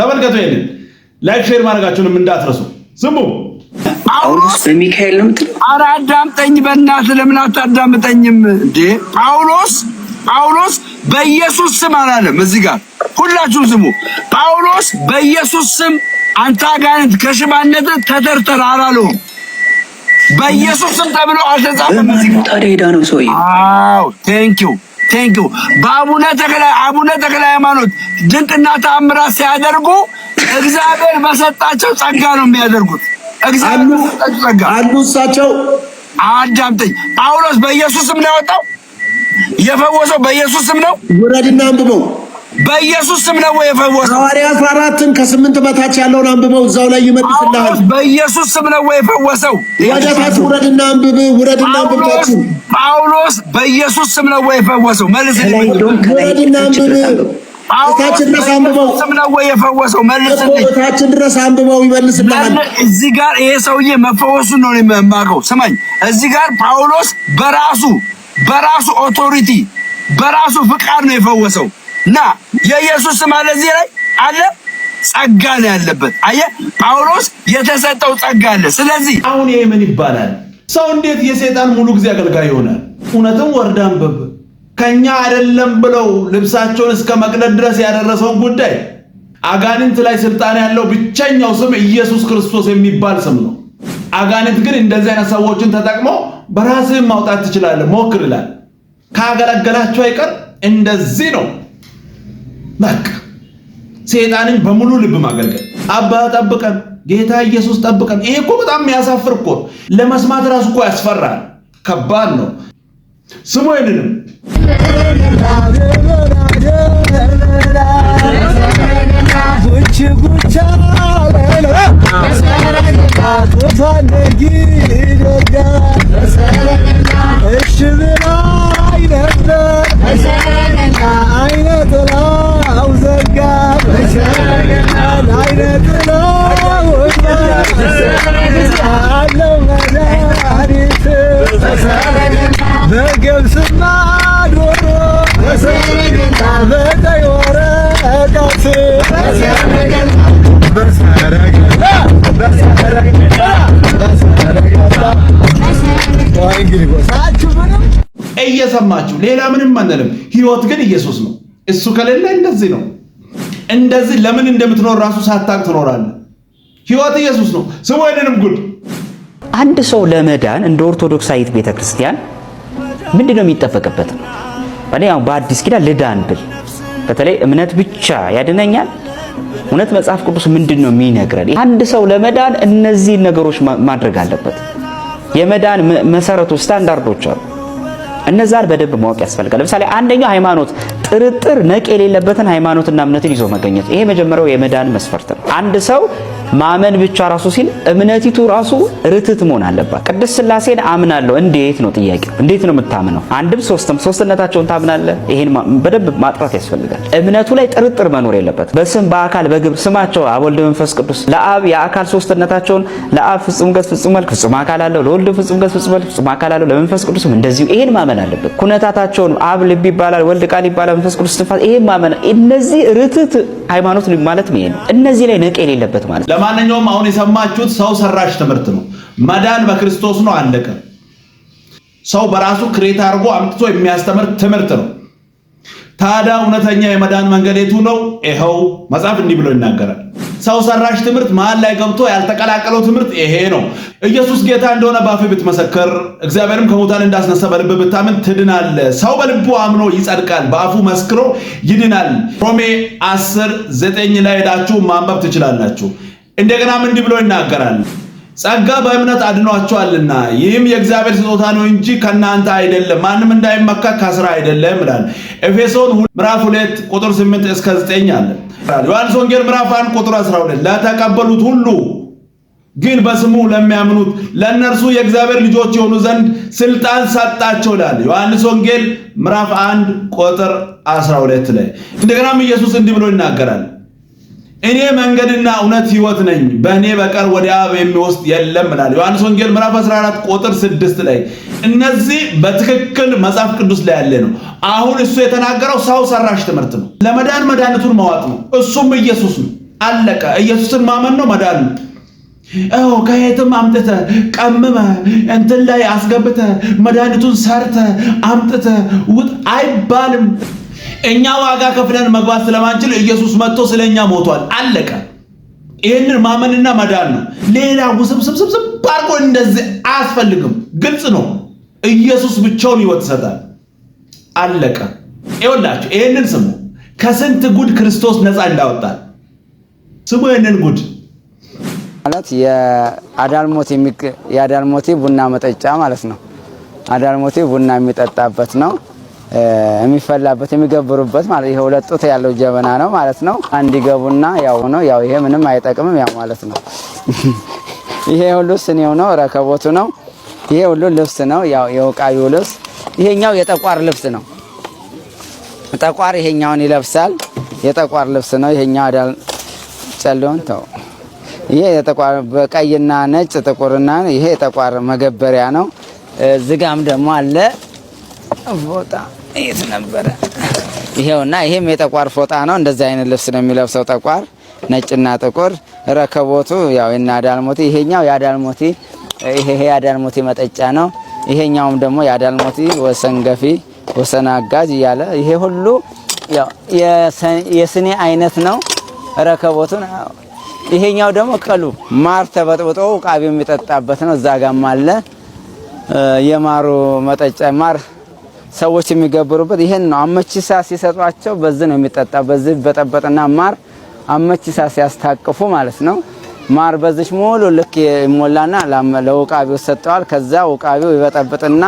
ተመልከቱ። ይሄንን ላይክ ሼር ማድረጋችሁንም እንዳትረሱ። ዝም ጳውሎስ በሚካኤል ነው የምትለው? ኧረ አዳምጠኝ፣ በእናትህ ለምን አታዳምጠኝም እንዴ? ጳውሎስ ጳውሎስ በኢየሱስ ስም አላለም። እዚህ ጋር ሁላችሁም ስሙ። ጳውሎስ በኢየሱስ ስም አንተ አጋንንት ከሽባነት ተደርተር አላለሁም። በኢየሱስ ስም ተብሎ አልተጻፈም። እዚህ ጋር ታዲያ ሄዳ ነው ሰውዬው። አዎ ቴንኪው ቴንክ ዩ። በአቡነ ተክለ አቡነ ተክለ ሃይማኖት ድንቅና ተአምራት ሲያደርጉ እግዚአብሔር በሰጣቸው ጸጋ ነው የሚያደርጉት። እግዚአብሔር በሰጣቸው ጸጋ አሉ። እሳቸው አዳምጠኝ። ጳውሎስ በኢየሱስ ስም ነው ያወጣው፣ የፈወሰው በኢየሱስ ስም ነው። ውረድና አንብበው በኢየሱስ ስም ነው የፈወሰው። ሐዋርያት አራትን ከስምንት በታች ያለውን አንብበው እዛው ላይ ይመልስልሃል። በኢየሱስ ስም ነው የፈወሰው። ወደ ታች ውረድና አንብብ፣ ውረድና አንብብ። ታች ጳውሎስ በኢየሱስ ስም ነው የፈወሰው። መልስ ውረድና አንብብ ድረስ አንብበው ስም ነው ወይ የፈወሰው? መልስልኝ። ታችን ድረስ አንብበው ይመልስልሃል። እዚህ ጋር ይሄ ሰውዬ መፈወሱን ነው የማውቀው። ስማኝ፣ እዚህ ጋር ጳውሎስ በራሱ በራሱ ኦቶሪቲ በራሱ ፍቃድ ነው የፈወሰው። ና የኢየሱስ ስም አለ እዚህ ላይ አለ። ጸጋ ነው ያለበት። አየ ጳውሎስ የተሰጠው ጸጋ አለ። ስለዚህ አሁን ይሄ ምን ይባላል? ሰው እንዴት የሰይጣን ሙሉ ጊዜ አገልጋይ ይሆናል? እውነትም ወርዳን በብ ከኛ አይደለም ብለው ልብሳቸውን እስከ መቅደድ ድረስ ያደረሰውን ጉዳይ አጋንንት ላይ ስልጣን ያለው ብቸኛው ስም ኢየሱስ ክርስቶስ የሚባል ስም ነው። አጋንንት ግን እንደዚህ አይነት ሰዎችን ተጠቅመው በራስህን ማውጣት ትችላለህ፣ ሞክር ይላል። ካገለገላቸው አይቀር እንደዚህ ነው። በቃ ሰይጣንን በሙሉ ልብ ማገልገል። አባ ጠብቀን፣ ጌታ ኢየሱስ ጠብቀን። ይሄ እኮ በጣም የሚያሳፍር እኮ ለመስማት ራሱ እኮ ያስፈራል። ከባድ ነው። ስሙ ይንንም እሽ ብላ በገብስና ዶሮ በቀይ ወረቀት እየሰማችሁ ሌላ ምንም አንልም። ህይወት ግን ኢየሱስ ነው። እሱ ከሌለ እንደዚህ ነው። እንደዚህ ለምን እንደምትኖር ራሱ ሳታቅ ትኖራለ። ህይወት ኢየሱስ ነው ስሙ። አይደንም ጉድ አንድ ሰው ለመዳን እንደ ኦርቶዶክሳዊት ቤተክርስቲያን ምንድን ነው የሚጠበቅበት? እኔ ያው በአዲስ ኪዳን ልዳን ብል በተለይ እምነት ብቻ ያድነኛል። እውነት መጽሐፍ ቅዱስ ምንድን ነው የሚነግረን? አንድ ሰው ለመዳን እነዚህን ነገሮች ማድረግ አለበት። የመዳን መሰረቱ ስታንዳርዶች አሉ። እነዛን በደንብ ማወቅ ያስፈልጋል። ለምሳሌ አንደኛው ሃይማኖት ጥርጥር ነቅ የሌለበትን ሃይማኖትና እምነትን ይዞ መገኘት። ይሄ መጀመሪያው የመዳን መስፈርት ነው። አንድ ሰው ማመን ብቻ ራሱ ሲል እምነቲቱ ራሱ ርትት መሆን አለባት። ቅድስት ስላሴን አምናለሁ እንዴት ነው ጥያቄው? እንዴት ነው የምታምነው? አንድም ሶስትም ሶስትነታቸውን ታምናለህ? ይሄን በደንብ ማጥራት ያስፈልጋል። እምነቱ ላይ ጥርጥር መኖር የለበት። በስም በአካል በግብር ስማቸው አብ ወልድ መንፈስ ቅዱስ ለአብ የአካል ሶስትነታቸውን ለአብ ፍጹም ገጽ ፍጹም መልክ ፍጹም አካል አለው፣ ለወልድ ፍጹም ገጽ ፍጹም መልክ ፍጹም አካል አለው፣ ለመንፈስ ቅዱስም እንደዚሁ። ይሄን ማመን አለበት። ኩነታታቸውን አብ ልብ ይባላል፣ ወልድ ቃል ይባላል፣ መንፈስ ቅዱስ ትንፋስ። ይሄን ማመን እነዚህ ርትት ሃይማኖት ማለት ነው። ይሄ ነው እነዚህ ላይ ነቅ የሌለበት ማለት ነው። ለማንኛውም አሁን የሰማችሁት ሰው ሰራሽ ትምህርት ነው። መዳን በክርስቶስ ነው፣ አለቀ። ሰው በራሱ ክሬት አድርጎ አምጥቶ የሚያስተምር ትምህርት ነው። ታዲያ እውነተኛ የመዳን መንገድ የቱ ነው? ይኸው መጽሐፍ እንዲህ ብሎ ይናገራል። ሰው ሰራሽ ትምህርት መሀል ላይ ገብቶ ያልተቀላቀለው ትምህርት ይሄ ነው። ኢየሱስ ጌታ እንደሆነ በአፍ ብትመሰክር፣ እግዚአብሔርም ከሙታን እንዳስነሳ በልብ ብታምን ትድናል። ሰው በልቡ አምኖ ይጸድቃል፣ በአፉ መስክሮ ይድናል። ሮሜ 10 9 ላይ ሄዳችሁ ማንበብ ትችላላችሁ። እንደገናም እንዲህ ብሎ ይናገራል። ጸጋ በእምነት አድኗቸዋልና ይህም የእግዚአብሔር ስጦታ ነው እንጂ ከእናንተ አይደለም፣ ማንም እንዳይመካ ከስራ አይደለም ይላል። ኤፌሶን ምዕራፍ 2 ቁጥር 8 እስከ 9 አለ። ዮሐንስ ወንጌል ምዕራፍ 1 ቁጥር 12 ለተቀበሉት ሁሉ ግን በስሙ ለሚያምኑት ለእነርሱ የእግዚአብሔር ልጆች የሆኑ ዘንድ ስልጣን ሰጣቸው ይላል። ዮሐንስ ወንጌል ምዕራፍ 1 ቁጥር 12 ላይ እንደገናም ኢየሱስ እንዲህ ብሎ ይናገራል እኔ መንገድና እውነት ህይወት ነኝ፣ በእኔ በቀር ወደ አብ የሚወስድ የለም ይላል ዮሐንስ ወንጌል ምዕራፍ 14 ቁጥር 6 ላይ። እነዚህ በትክክል መጽሐፍ ቅዱስ ላይ ያለ ነው። አሁን እሱ የተናገረው ሰው ሰራሽ ትምህርት ነው። ለመዳን መድኃኒቱን ማዋጥ ነው። እሱም ኢየሱስ ነው። አለቀ። ኢየሱስን ማመን ነው መዳን ነው። አዎ ከየትም አምጥተ ቀምመ እንትን ላይ አስገብተ መድኃኒቱን ሰርተ አምጥተ ውጥ አይባልም። እኛ ዋጋ ከፍለን መግባት ስለማንችል ኢየሱስ መጥቶ ስለኛ ሞቷል። አለቀ። ይህንን ማመንና መዳን ነው። ሌላ ውስብስብስብስብ አድርጎ እንደዚህ አያስፈልግም። ግልጽ ነው። ኢየሱስ ብቻውን ሕይወት ይሰጣል። አለቀ። ይኸውላችሁ ይህንን ስሙ። ከስንት ጉድ ክርስቶስ ነፃ እንዳወጣል ስሙ። ይህንን ጉድ ማለት የአዳልሞቴ ቡና መጠጫ ማለት ነው። አዳልሞቴ ቡና የሚጠጣበት ነው። የሚፈላበት የሚገብሩበት ማለት ይሄ ሁለት ጡት ያለው ጀበና ነው ማለት ነው። አንድ ይገቡና ያው ነው ያው ይሄ ምንም አይጠቅምም ያው ማለት ነው። ይሄ ሁሉ ስኔው ነው ረከቦቱ ነው። ይሄ ሁሉ ልብስ ነው ያው የውቃዩ ልብስ። ይሄኛው የጠቋር ልብስ ነው። ጠቋር ይሄኛውን ይለብሳል። የጠቋር ልብስ ነው። ይሄኛው አዳል ጨለውን ተው። ይሄ የጠቋር በቀይና ነጭ ጥቁርና ይሄ የጠቋር መገበሪያ ነው። ዝጋም ደግሞ አለ ፎጣ የት ነበረ? ይሄውና፣ ይሄም የጠቋር ፎጣ ነው። እንደዚህ አይነት ልብስ ነው የሚለብሰው ጠቋር፣ ነጭና ጥቁር። ረከቦቱ ያው እና አዳልሞቲ፣ ይሄኛው የአዳልሞቲ ይሄ የአዳልሞቲ መጠጫ ነው። ይሄኛውም ደግሞ የአዳልሞቲ ወሰን ገፊ፣ ወሰን አጋጅ እያለ ይሄ ሁሉ ያው የስኔ አይነት ነው። ረከቦቱን ይሄኛው ደግሞ ቀሉ ማር ተበጥብጦ ቃቢ የሚጠጣበት ነው። እዛ ጋም አለ የማሩ መጠጫ ማር ሰዎች የሚገብሩበት ይሄን ነው። አመቺሳ ሲሰጧቸው በዚህ ነው የሚጠጣ። በዚህ በጠበጥና ማር አመቺሳ ሲያስታቅፉ ማለት ነው። ማር በዚህ ሙሉ ልክ ይሞላና ለውቃቢው ሰጠዋል። ከዛ ውቃቢው ይበጠብጥና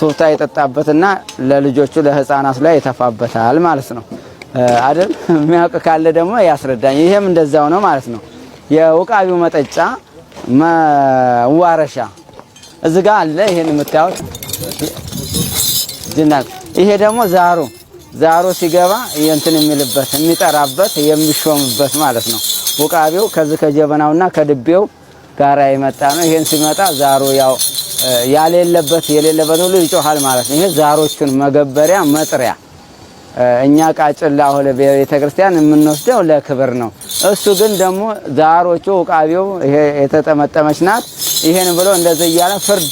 ቱብታ ይጠጣበትና ለልጆቹ ለህፃናቱ ላይ ይተፋበታል ማለት ነው አይደል? የሚያውቅ ካለ ደግሞ ያስረዳኝ። ይሄም እንደዛው ነው ማለት ነው። የውቃቢው መጠጫ መዋረሻ እዚህ ጋር አለ። ይሄን የምታዩት ድናቅ። ይሄ ደግሞ ዛሩ ዛሩ ሲገባ እንትን የሚልበት የሚጠራበት የሚሾምበት ማለት ነው። ውቃቢው ከዚህ ከጀበናውና ከድቤው ጋራ የመጣ ነው። ይሄን ሲመጣ ዛሩ ያው ያሌለበት የሌለበት ሁሉ ይጮሃል ማለት ነው። ይሄ ዛሮቹን መገበሪያ መጥሪያ እኛ ቃጭላ ሆለ ቤተ ክርስቲያን የምንወስደው ለክብር ነው። እሱ ግን ደግሞ ዛሮቹ ውቃቢው ይሄ የተጠመጠመች ናት። ይሄን ብሎ እንደዚህ እያለ ፍርድ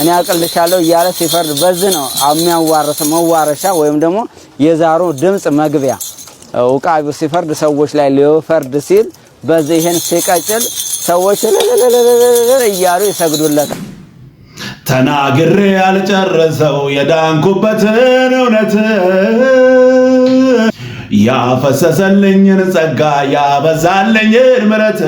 እኔ አቅልሻለሁ እያለ ሲፈርድ በዚህ ነው የሚያዋርስ መዋረሻ ወይም ደግሞ የዛሩ ድምፅ መግቢያ ውቃቢው ሲፈርድ ሰዎች ላይ ሊፈርድ ሲል በዚህ ይህን ሲቀጭል ሰዎች እያሉ ይሰግዱለታል። ተናግሬ ያልጨረሰው የዳንኩበትን እውነት ያፈሰሰልኝን ጸጋ ያበዛልኝን ምረት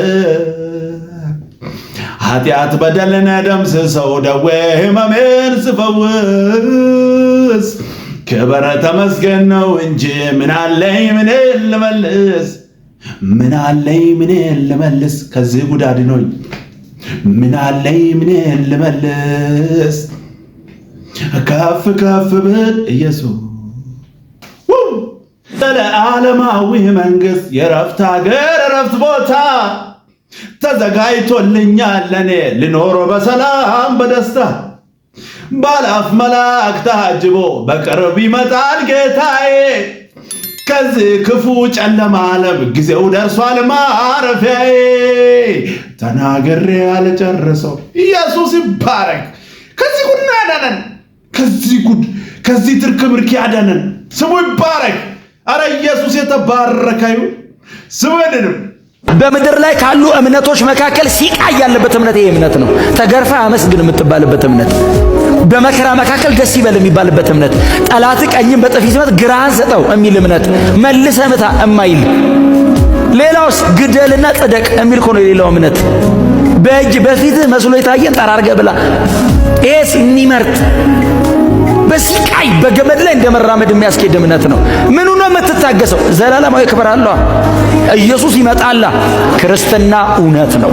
ኃጢአት በደልን ደምስሰው ደዌ ሕመሜን ስፈውስ ክብረ ተመስገን ነው እንጂ ምናለኝ ምን ልመልስ ምናለኝ ምን ልመልስ ከዚህ ጉድ አድኖኝ ምናለኝ ምን ልመልስ ከፍ ከፍ ብል ኢየሱስ ለዓለማዊ መንግሥት የረፍት አገር ረፍት ቦታ ተዘጋጅቶልኛል ለኔ ልኖሮ በሰላም በደስታ ባላፍ መላእክ ታጅቦ በቅርብ ይመጣል ጌታዬ። ከዚህ ክፉ ጨለማ ዓለም ጊዜው ደርሷል ማረፊያዬ። ተናግሬ አልጨርሰው ኢየሱስ ይባረክ። ከዚህ ጉድ ነው ያዳነን። ከዚህ ጉድ ከዚህ ትርክብርክ ያዳነን ስሙ ይባረክ። አረ ኢየሱስ የተባረከ ይሁን ስምንንም በምድር ላይ ካሉ እምነቶች መካከል ሲቃይ ያለበት እምነት ይሄ እምነት ነው። ተገርፋ አመስግን የምትባልበት እምነት፣ በመከራ መካከል ደስ ይበል የሚባልበት እምነት፣ ጠላት ቀኝም በጥፊ ሲመት ግራን ሰጠው የሚል እምነት፣ መልሰ ምታ እማይል ሌላውስ ግደልና ጽደቅ የሚል እኮ ነው እምነት። በእጅ በፊትህ መስሎ የታየን ጠራርገህ ብላ። ኤስ የሚመርጥ በስቃይ በገመድ ላይ እንደ መራመድ የሚያስኬድ እምነት ነው። ምኑ ነው የምትታገሰው? ዘላለማዊ ክብር አለ። ኢየሱስ ይመጣላ። ክርስትና እውነት ነው።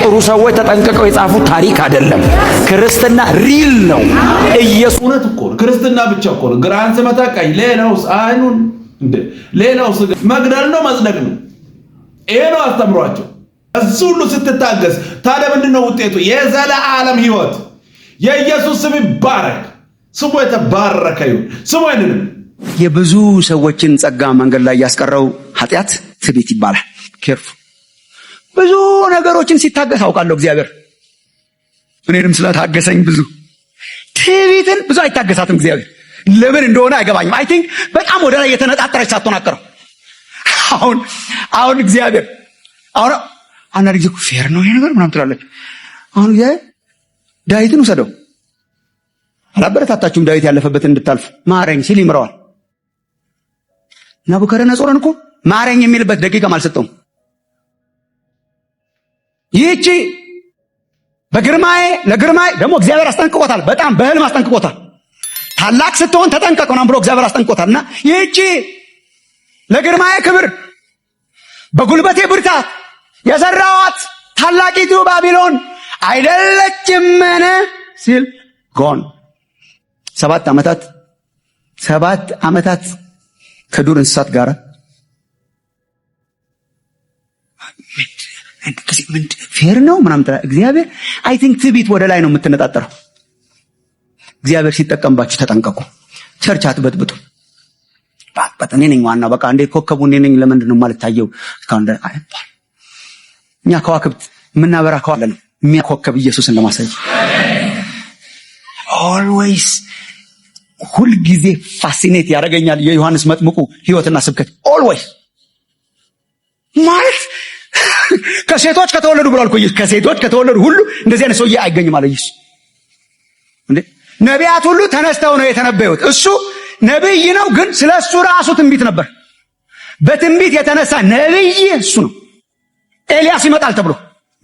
ጥሩ ሰዎች ተጠንቅቀው የጻፉት ታሪክ አይደለም። ክርስትና ሪል ነው። ኢየሱስ እውነት እኮ ነው። ክርስትና ብቻ እኮ ነው። ግራን ስመታ ቀኝ፣ ሌላውስ አይኑን ሌላው ሌላውስ መግደል ነው መጽደቅ ነው። ይሄ ነው አስተምሯቸው። እዚህ ሁሉ ስትታገስ ታዲያ ምንድነው ውጤቱ? የዘላለም ሕይወት። የኢየሱስ ስም ይባረክ። ስሙ የተባረከ ይሁን። ስሙ አይንንም የብዙ ሰዎችን ጸጋ መንገድ ላይ ያስቀረው ኃጢአት ትዕቢት ይባላል። ኬርፉ ብዙ ነገሮችን ሲታገስ አውቃለሁ እግዚአብሔር እኔንም ስለታገሰኝ ብዙ ትዕቢትን ብዙ አይታገሳትም እግዚአብሔር። ለምን እንደሆነ አይገባኝም። አይ ቲንክ በጣም ወደ ላይ የተነጣጠረች ሳትሆናቀረው አሁን አሁን እግዚአብሔር አሁን አንዳንድ ጊዜ ፌር ነው ይሄ ነገር ምናምን ትላለች። አሁን እግዚአብሔር ዳዊትን ውሰደው አላበረታታችሁም ዳዊት ያለፈበትን እንድታልፍ ማረኝ ሲል ይምረዋል። ናቡከደነጾርን እኮ ማረኝ የሚልበት ደቂቃም አልሰጠውም። ይህቺ በግርማዬ ለግርማዬ ደግሞ እግዚአብሔር አስጠንቅቆታል። በጣም በህልም አስጠንቅቆታል። ታላቅ ስትሆን ተጠንቀቅ ብሎ እግዚአብሔር አስጠንቅቆታል። እና ይህቺ ለግርማዬ ክብር በጉልበቴ ብርታት የሰራዋት ታላቂቱ ባቢሎን አይደለችምን ሲል ጎን ሰባት ዓመታት ሰባት ዓመታት ከዱር እንስሳት ጋር ፌር ነው ምናምን እግዚአብሔር አይ ቲንክ ትቢት ወደ ላይ ነው የምትነጣጠረው። እግዚአብሔር ሲጠቀምባችሁ ተጠንቀቁ። ቸርች አትበጥብጡ። እኔ ነኝ ዋናው፣ በቃ እንደ ኮከቡ እኔ ነኝ። ለምንድን ነው የማልታየው? እኛ ከዋክብት የምናበራ ከዋለ የሚያኮከብ ኢየሱስን ለማሳየት ኦልዌይስ ሁልጊዜ ፋሲኔት ያደርገኛል የዮሐንስ መጥምቁ ህይወትና ስብከት ኦልዌይስ ማለት ከሴቶች ከተወለዱ ብሏል እኮ ከሴቶች ከተወለዱ ሁሉ እንደዚህ አይነት ሰውዬ አይገኝም አለ ኢየሱስ። እንዴ ነቢያት ሁሉ ተነስተው ነው የተነበዩት። እሱ ነብይ ነው፣ ግን ስለ እሱ ራሱ ትንቢት ነበር። በትንቢት የተነሳ ነብይ እሱ ነው። ኤልያስ ይመጣል ተብሎ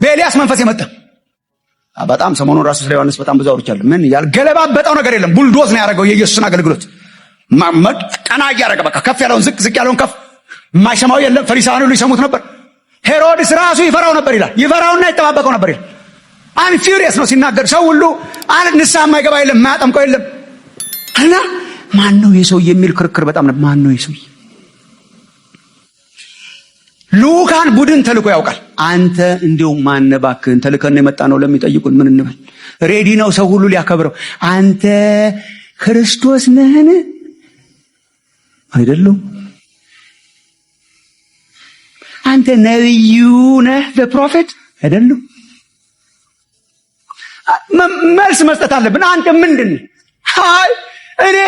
በኤልያስ መንፈስ የመጣ በጣም ሰሞኑን ራሱ ስለ ዮሐንስ በጣም ብዙ አውርቻለሁ። ምን ያልገለባበጠው ነገር የለም። ቡልዶዝ ነው ያደረገው የኢየሱስን አገልግሎት ቀና እያደረገ በቃ ከፍ ያለውን ዝቅ፣ ዝቅ ያለውን ከፍ። የማይሰማው የለም። ፈሪሳውያን ሁሉ ይሰሙት ነበር። ሄሮድስ ራሱ ይፈራው ነበር ይላል። ይፈራውና ይጠባበቀው ነበር ይላል። አይ ፊውሪየስ ነው ሲናገር። ሰው ሁሉ አለ። ንስሐ የማይገባ የለም፣ የማያጠምቀው የለም። እና ማን ነው የሰው የሚል ክርክር በጣም ማን ነው የሰው ሉካን ቡድን ተልኮ ያውቃል። አንተ እንዲሁም ማነባክን ተልከን የመጣ ነው ለሚጠይቁን ምን እንበል? ሬዲ ነው ሰው ሁሉ ሊያከብረው። አንተ ክርስቶስ ነህን? አይደለም። አንተ ነቢዩ ነህ? ዘ ፕሮፌት አይደለም። መልስ መስጠት አለብን። አንተ ምንድን ሀይ እኔ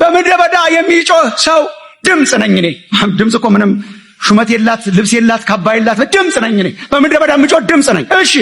በምድረ በዳ የሚጮህ ሰው ድምፅ ነኝ። እኔ ድምፅ እኮ ምንም ሹመት የላት፣ ልብስ የላት፣ ካባ የላት። ድምፅ ነኝ እኔ በምድረ በዳ ምጮ ድምፅ ነኝ። እሺ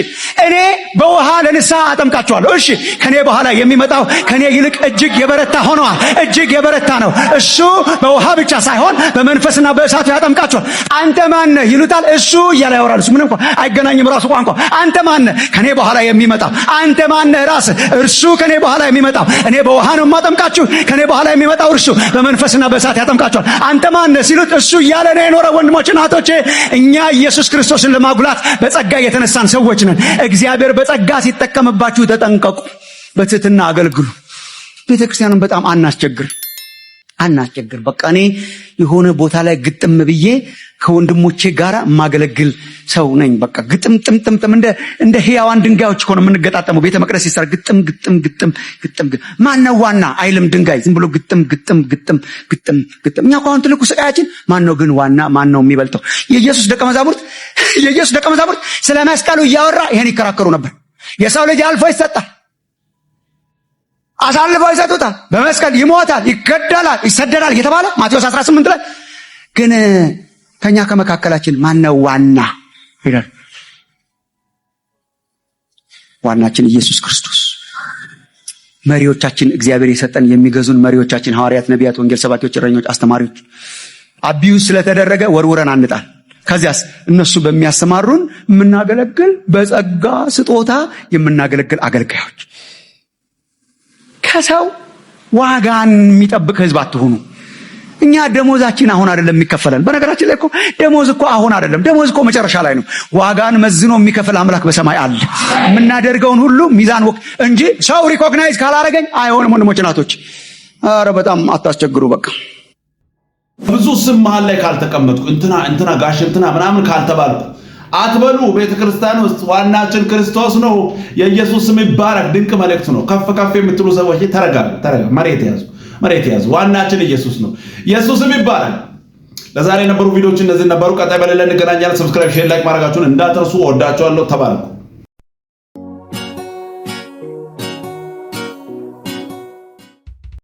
እኔ በውሃ ለንሳ አጠምቃቸዋለሁ። እሺ ከእኔ በኋላ የሚመጣው ከእኔ ይልቅ እጅግ የበረታ ሆነዋል። እጅግ የበረታ ነው። እሱ በውሃ ብቻ ሳይሆን በመንፈስና በእሳቱ ያጠምቃቸዋል። አንተ ማነ ይሉታል። እሱ እያለ ያወራል። እሱ ምንም አይገናኝም ራሱ ቋንቋ። አንተ ማነ ከእኔ በኋላ የሚመጣው አንተ ማነ ራስ እርሱ ከእኔ በኋላ የሚመጣው እኔ በውሃ ነው የማጠምቃችሁ። ከእኔ በኋላ የሚመጣው እርሱ በመንፈስና በእሳት ያጠምቃቸዋል። አንተ ማነ ሲሉት እሱ እያለ ነው የኖረ ወንድ ወንድሞች እናቶቼ፣ እኛ ኢየሱስ ክርስቶስን ለማጉላት በጸጋ የተነሳን ሰዎች ነን። እግዚአብሔር በጸጋ ሲጠቀምባችሁ ተጠንቀቁ። በትህትና አገልግሉ። ቤተ ክርስቲያኑን በጣም አናስቸግር አናስቸግር። በቃ እኔ የሆነ ቦታ ላይ ግጥም ብዬ ከወንድሞቼ ጋራ ማገለግል ሰው ነኝ። በቃ ግጥም ጥም ጥም ጥም እንደ እንደ ህያዋን ድንጋዮች ከሆነ የምንገጣጠመው ቤተ መቅደስ ይሰራ ግጥም ግጥም ግጥም ግጥም ማነው ዋና አይልም ድንጋይ ዝም ብሎ ግጥም ግጥም ግጥም ግጥም ግጥም። እኛ አሁን ትልቁ ስቃያችን ማነው ግን ዋና ማነው የሚበልጠው? የኢየሱስ ደቀ መዛሙርት የኢየሱስ ደቀ መዛሙርት ስለ መስቀሉ እያወራ ይሄን ይከራከሩ ነበር። የሰው ልጅ አልፎ ይሰጣል፣ አሳልፈው ይሰጡታል፣ በመስቀል ይሞታል፣ ይገደላል፣ ይሰደዳል እየተባለ ማቴዎስ 18 ላይ ግን ከኛ ከመካከላችን ማነው ዋና ይላል። ዋናችን ኢየሱስ ክርስቶስ። መሪዎቻችን እግዚአብሔር የሰጠን የሚገዙን መሪዎቻችን ሐዋርያት፣ ነቢያት፣ ወንጌል ሰባኪዎች፣ እረኞች፣ አስተማሪዎች አቢዩስ ስለተደረገ ወርውረን አንጣል። ከዚያስ እነሱ በሚያሰማሩን የምናገለግል በጸጋ ስጦታ የምናገለግል አገልጋዮች ከሰው ዋጋን የሚጠብቅ ህዝብ አትሆኑ። እኛ ደሞዛችን አሁን አይደለም የሚከፈለን። በነገራችን ላይ እኮ ደሞዝ እኮ አሁን አይደለም፣ ደሞዝ እኮ መጨረሻ ላይ ነው። ዋጋን መዝኖ የሚከፍል አምላክ በሰማይ አለ። የምናደርገውን ሁሉ ሚዛን ወቅ እንጂ ሰው ሪኮግናይዝ ካላረገኝ አይሆንም። ወንድሞች ናቶች አረ በጣም አታስቸግሩ በቃ ብዙ ስም መሀል ላይ ካልተቀመጥኩ እንትና እንትና ጋሽ እንትና ምናምን ካልተባልኩ አትበሉ። ቤተ ክርስቲያን ውስጥ ዋናችን ክርስቶስ ነው። የኢየሱስ ስም ይባረክ። ድንቅ መልእክት ነው። ከፍ ከፍ የምትሉ ሰዎች ተረጋ ተረጋ፣ መሬት ያዙ። መሬት ያዙ። ዋናችን ኢየሱስ ነው። ኢየሱስም ይባላል። ለዛሬ የነበሩ ቪዲዮዎች እነዚህ ነበሩ። ቀጣይ በሌላ እንገናኛለን። ሰብስክራይብ፣ ሼር፣ ላይክ ማድረጋችሁን እንዳትረሱ። ወዳችኋለሁ። ተባረኩ።